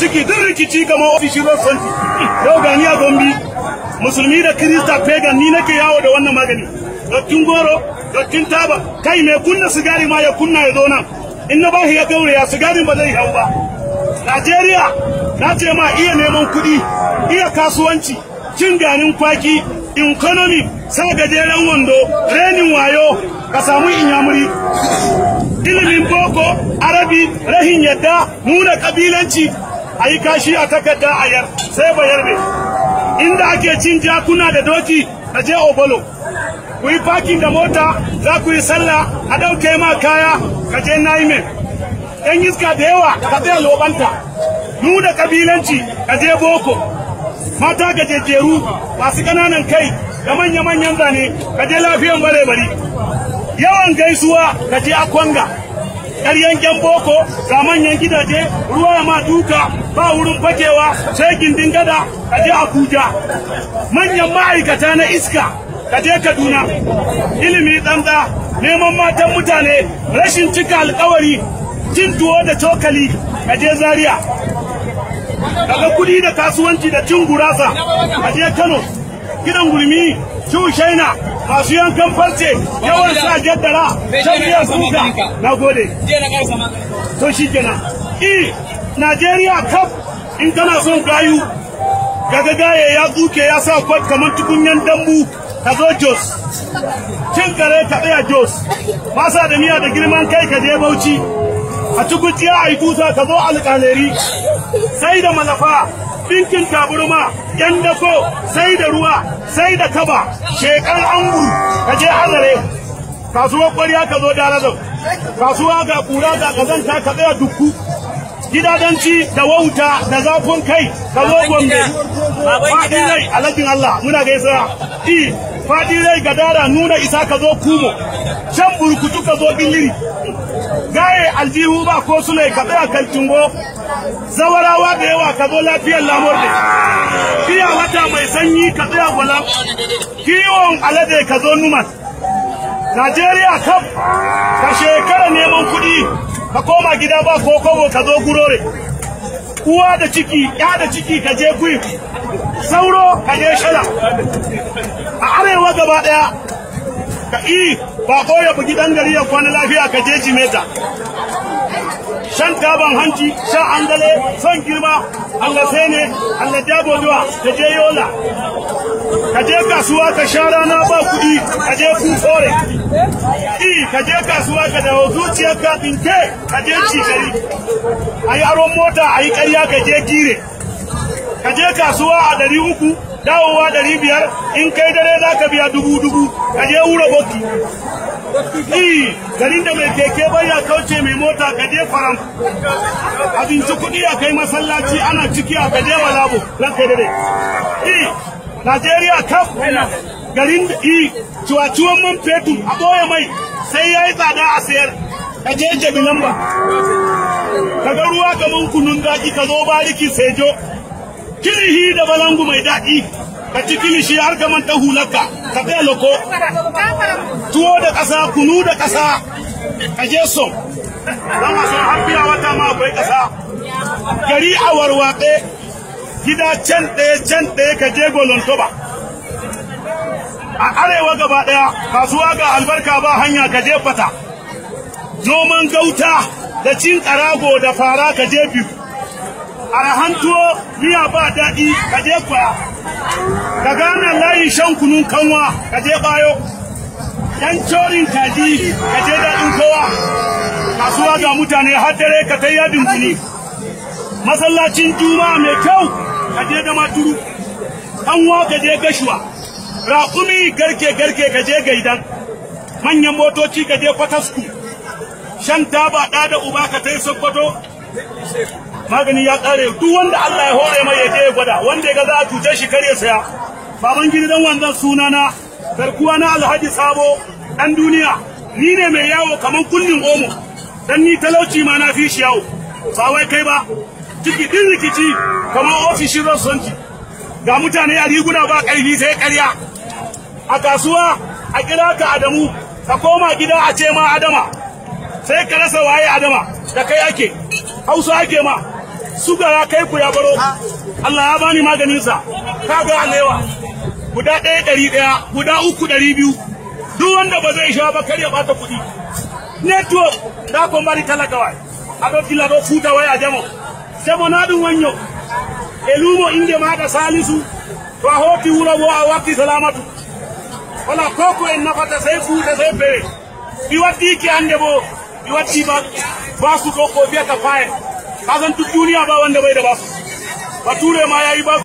ciki duk rikici kamar ofishin rossanti yau gani a gombi musulmi da kirista pegan ni nake yawo da wannan magani dattin goro dattin taba kai mai kunna sigari ma ya kunna ya zo nan in na ba ya ya sigarin ba zai hau ba Najeriya na ce ma iya neman kuɗi iya kasuwanci cin ganin kwaki economy sai gajeren wando renin wayo ka samu inyamuri ilimin boko arabi rahin yadda nuna kabilanci a yi kashi a takarda a yar sai bayar ne inda ake cin jakuna da doki a je obolo ku yi fakin da mota za ku yi sallah a ɗauke ma kaya ka je naimen yan iska da yawa ka zai lobanta mu da kabilanci ka je boko mata gajejjeru masu ƙananan kai da manya-manyan zane ka je lafiyan bare-bari yawan gaisuwa ka je akwanga karyan gyan boko ga manyan gidaje ruwa ma duka ba wurin fakewa sai gindin gada a je abuja manyan ma'aikata na iska ka je kaduna ilimi ɗanɗa neman matan mutane rashin cika alkawari jin tuwo da cokali ka je zaria daga kudi da kasuwanci da cin gurasa a je kano gidan gurmi shu shaina masu yankan farce yawan sa jaddara jam'iyyar kuka na gode to shi kenan i e, najeriya kaf in kana son gayu gaga gaye ya tsuke ya sa kwat kamar tukunyan dambu ka zo jos cin kare ka tsaya jos masa da miya da girman kai ka je bauchi a tukutiya a yi tuta ka sai da malafa dinkin taburma yan dako sai da ruwa sai da kaba shekar angu ka je kasuwar ƙwarya ka zo kasuwa ga kura ga kazanta ka tsaya dukku gidadanci da wauta da zafin kai ka zo gombe faɗi rai alhajin Allah muna gaisa i faɗi rai gadara nuna isa ka zo kumo can burkutu ka zo gaye aljihu ba ko ne ka tsaya kan tungo zawarawa da yawa ka zo lafiyar lamur ne kiya wata mai sanyi ka tsaya gwalam kiwon alade ka zo numan Najeriya kam ka shekara neman kuɗi ka koma gida ba ko kogo ka zo gurore uwa da ciki ya da ciki ka je kuyi sauro ka je shala a arewa gaba ɗaya ka i ba ko ya bugi dan gari ya kwana lafiya ka je jimeta shan taban hanci shan angale son girma Allah sai ne Allah ka je yola ka je kasuwa ka sha rana ba kuɗi ka je ku fore i ka je kasuwa ka dawo zuciyar ka binke ka je ci a yi aron mota ayi yi ƙarya ka je gire ka je kasuwa a ɗari uku dawowa ɗari biyar in kai dare za ka biya dubu dubu ka je wura boki i garin da mai keke baya kauce mai mota ka je faram abinci kuɗi a kai masallaci ana ciki a ka je malabo na kai dare i Najeriya kaf garin i ciwaciwan man fetur a ɓoye mai sai ya yi tsada a sayar ka je jabi lamba ka ga ruwa mun kunun daji ka zo bariki sejo kirihi da balangu mai daɗi ka ci kilishi har ka manta hularka ka kai loko tuwo da ƙasa kunu da ƙasa ka je so. don a san har biya wata ma akwai ƙasa gari a warwaɗe gida can ɗaya can ɗaya ka je ba a arewa gaba ɗaya kasuwa ga albarka ba hanya ka je fata noman gauta da cin ƙarago da fara ka je biyu arahan tuwo miya ba daɗi ka je kwaya ka gane layi shan kunun kanwa ka je bayo yan corin kaji ka je daɗin kowa kasuwa ga mutane har dare ka ta yadin jini masallacin juma mai kyau ka je da maturu kanwa ka gashuwa raƙumi garke garke ka gaidan manyan motoci ka je kwatasku shan taba ɗa da uba ka ta sokoto magani ya kare duk wanda Allah ya hore mai ya yaje ya gwada wanda ya ga za a cuce shi kare saya baban gidi dan wanzan sunana garkuwa na Alhaji Sabo dan duniya ni ne mai yawo kaman kullin omo dan ni talauci ma na fi shi yawo ba wai kai ba ciki din rikici kamar ofishin rasuwanci ga mutane a riguna ba karfi sai karya. a kasuwa a kira ka Adamu ka koma gida a ce ma Adama sai ka rasa waye Adama da kai ake Hausa ake ma suga ya kai ku ya baro Allah ya bani maganinsa ga alewa guda ɗaya ɗari ɗaya guda uku ɗari biyu duk wanda ba zai sha ba kar ya bata kuɗi network da ko mari talakawa aɗo kila ɗo futa wai a jamo jamo na dun wanyo elumo inde ma da salisu to a hoti wuro bo a watti salamatu wala koko en nafata sey fuuta sai be biwati ki ande bo biwati watti ba basu ko ko ta fayen ka san duk duniya ba wanda bai da ba bature ma yayi basu